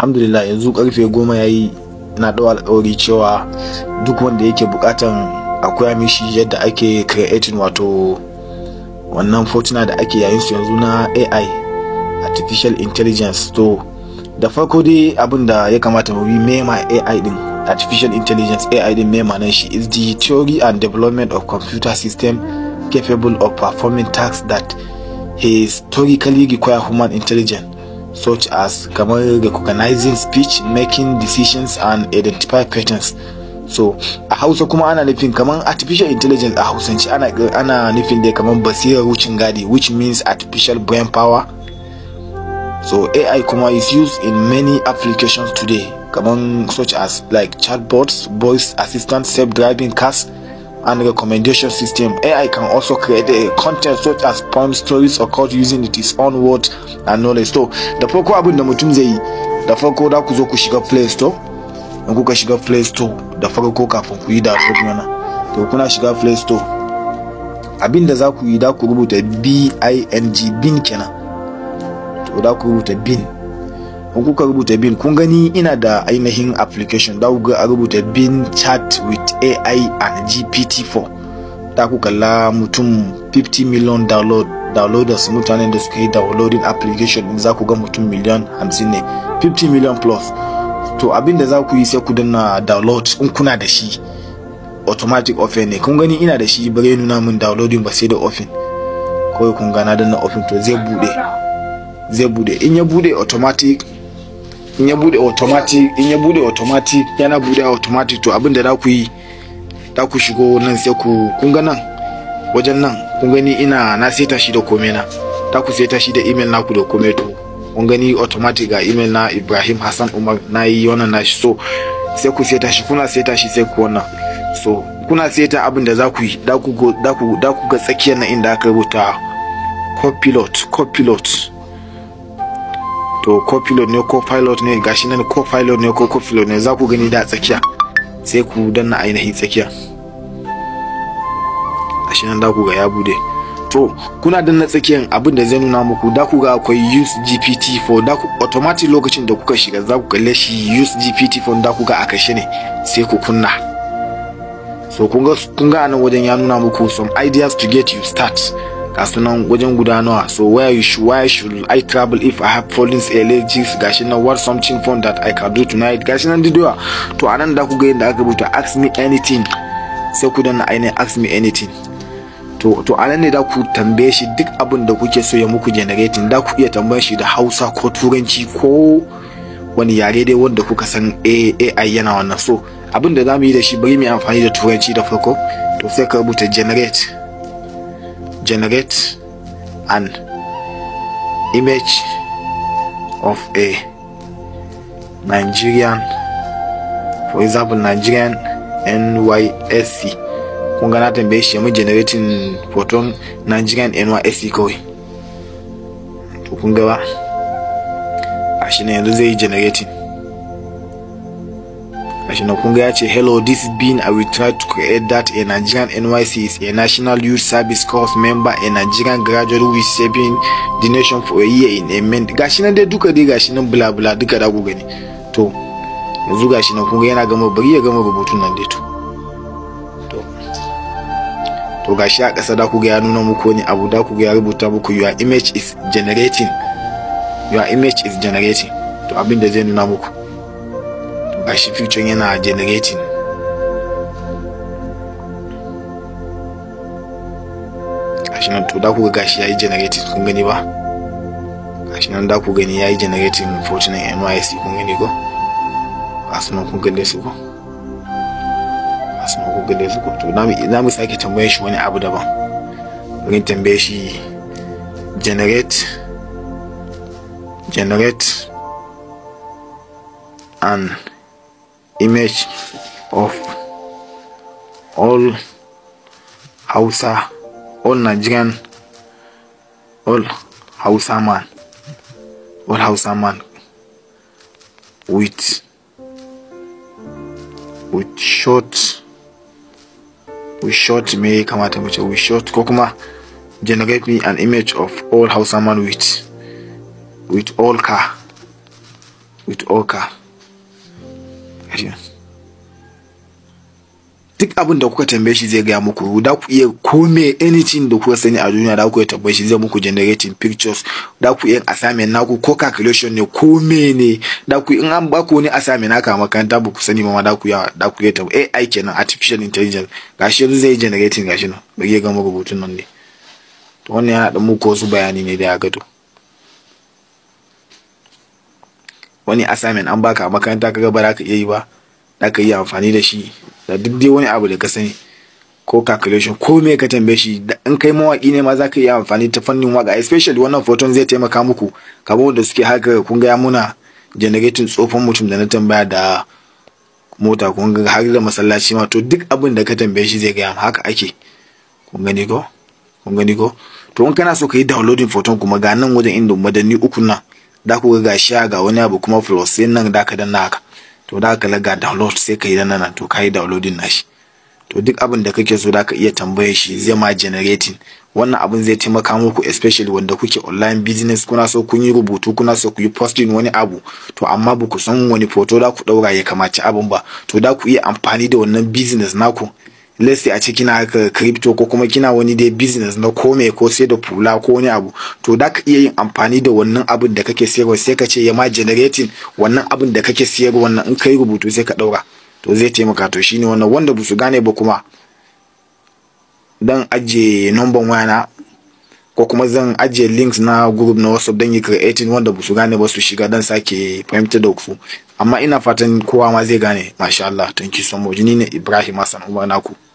alhamdulillah yanzu karfe goma yayi na ɗau alkawari cewa duk wanda yake buƙatan a mishi yadda ake creating wato wannan fortuna da ake yayin su yanzu na ai artificial intelligence to da farko dai abin da ya kamata mu bi mema ai din artificial intelligence ai din mema nan shi is the theory and development of computer system capable of performing tasks that historically require human intelligence such as recognizing speech making decisions and identify patterns so a hausa kuma ana nufin kamar artificial intelligence a hausance ana, ana nufin dai kamar basirar wucin gadi which means artificial brain power so ai kuma is used in many applications today kamar such as like chatbots voice assistant self-driving cars and recommendation system. AI can also create a content such as poem stories or code using its own word and knowledge. So the poko abu da mutum zai yi da farko da ku zo ku shiga Play Store in kuka shiga Play Store da farko kafin ku yi download mana. To kuna shiga Play Store abinda da za ku yi da ku rubuta B I N G bin kenan. To da ku rubuta bin in kuka rubuta bin kun gani ina da ainihin application da kuka a rubuta bin chat with ai and gpt-4 ta ku kalla mutum 50 million download downloaders mutanen da suka yi downloading application din za ku ga mutum miliyan 50 ne 50 million plus to abin da za ku yi sai ku danna download in kuna da shi automatic offer ne kun gani ina da shi bare nuna min downloading ba sai da offer kawai kun gana danna offer to zai bude zai bude in ya bude automatic in ya bude automatic in ya bude automatic yana bude automatic to abin da za ku yi da ku shigo nan sai ku kun ga nan wajen nan kun gani ina na seta shi da komai na ta ku seta shi da email naku da komai to kun gani automatic ga email na Ibrahim Hassan Umar na yi wannan na shi so sai ku seta shi kuna seta shi sai ku wannan so kuna seta abin da za ku yi da ku ga tsakiyar na inda aka rubuta copilot copilot to copilot ne ko pilot ne gashi nan ko pilot ne ko copilot ne za ku gani da tsakiya sai ku danna ainihin tsakiya gashi nan da ku ga ya bude to kuna danna tsakiyan abin da zai nuna muku da ku ga akwai use gpt 4 da ku automatic lokacin da kuka shiga za ku kalle shi use gpt 4 da ku ga a kashe ne sai ku kunna so kun ga anan wajen ya nuna muku some ideas to get you start ga nan wajen guda nawa so where you should, why should I travel if I have fallen allergies gashi nan what something fun that I can do tonight gashi nan didowa to anan da ku ga yadda aka rubuta ask me anything sai ku danna ainihin ask me anything to to anan ne da ku tambaye shi duk abin da kuke so ya muku generating da ku iya tambayar shi da Hausa ko Turanci ko wani yare dai wanda kuka san AI yana wannan so abin da zamu yi da shi bari mu amfani da Turanci da farko to sai ka rubuta generate generate an image of a Nigerian, for example, Nigerian NYSC. Kun gana tambaye shi mu generating hoton Nigerian NYSC kawai. To kun ga ba? A yi generating. national you know, Kungayache, hello, this being I will try to create that a Nigerian NYC is a National Youth Service Corps member, a Nigerian graduate who is saving the nation for a year in a man gashina de duka de gashina nan bula bula duka da gugani To, yanzu gashi nan yana gama bari ya gama rubutun nan dai to. to gashi a ƙasa da ku ya nuna muku wani abu da ku ya rubuta muku your image is generating your image is generating to abin da zai nuna muku gashi future yana generating gashi nan to da ku gashi yayi generating kun gani ba gashi nan da ku gani yayi generating 49 NYC kun gani ko asma kun gane su ko asma kun gane su ko to na mu sake tambaye shi wani abu daban rin tambaye shi generate generate an image of all Hausa, all Nigerian, all Hausa man, all Hausa man with with short with short me come ta with short kokuma generate me an image of all Hausaman man with with all car with all car duk abin da kuka tambaye shi zai gaya muku da ku iya kome anything da kuka sani a duniya da ku iya tambaye shi zai muku generating pictures da ku iya assignment naku ko calculation ne kome ne da ku in an baku wani assignment naka makaranta ba ku sani ma da ku iya da ku iya tambaye AI kenan artificial intelligence gashi yanzu zai generating gashi nan bari ga gama rubutun nan ne to wannan yana da muku wasu bayani ne da ya gato wani assignment an baka a makaranta kaga ba za ka iya yi ba za ka iya amfani da shi da duk dai wani abu da ka sani ko calculation ko me ka tambaye shi in kai mawaki ne ma za ka iya amfani ta fannin waka especially wannan photon zai taimaka muku kamar da suke haka kun ga muna generating tsofan mutum da na tambaya da mota kun ga har da masallaci ma to duk abin da ka tambaye shi zai gaya haka ake kun gani ko kun gani ko to in kana so ka yi downloading foton kuma ga nan wajen inda madanni uku nan da ku ga gashi ga wani abu kuma plus sai nan da ka dan haka to da ka laga download sai ka yi nan to ka yi downloading nashi to duk abin da kake so da ka iya tambaye shi zai ma generating wannan abin zai taimaka muku especially wanda kuke online business kuna so kun yi rubutu kuna so ku yi posting wani abu to amma ba ku san wani photo da ku daura ya kamata abin ba to da ku iya amfani da wannan business naku let's a ce kina haka crypto ko kuma kina wani dai business na kome ko sai da fula ko wani abu to da ka iya yin amfani da wannan abin da kake sayarwa sai ka ce ya ma generating wannan abin da kake sayarwa wannan in kai rubutu sai ka daura to zai taimaka to shine wannan wanda ba gane ba kuma dan ajiye number waya ko kuma zan ajiye links na group na whatsapp dan yi creating wanda ba gane ba su shiga dan sake fahimtar da ku amma ina fatan kowa ma zai gane masha Allah thank you so much ni ne Ibrahim Hassan Umar naku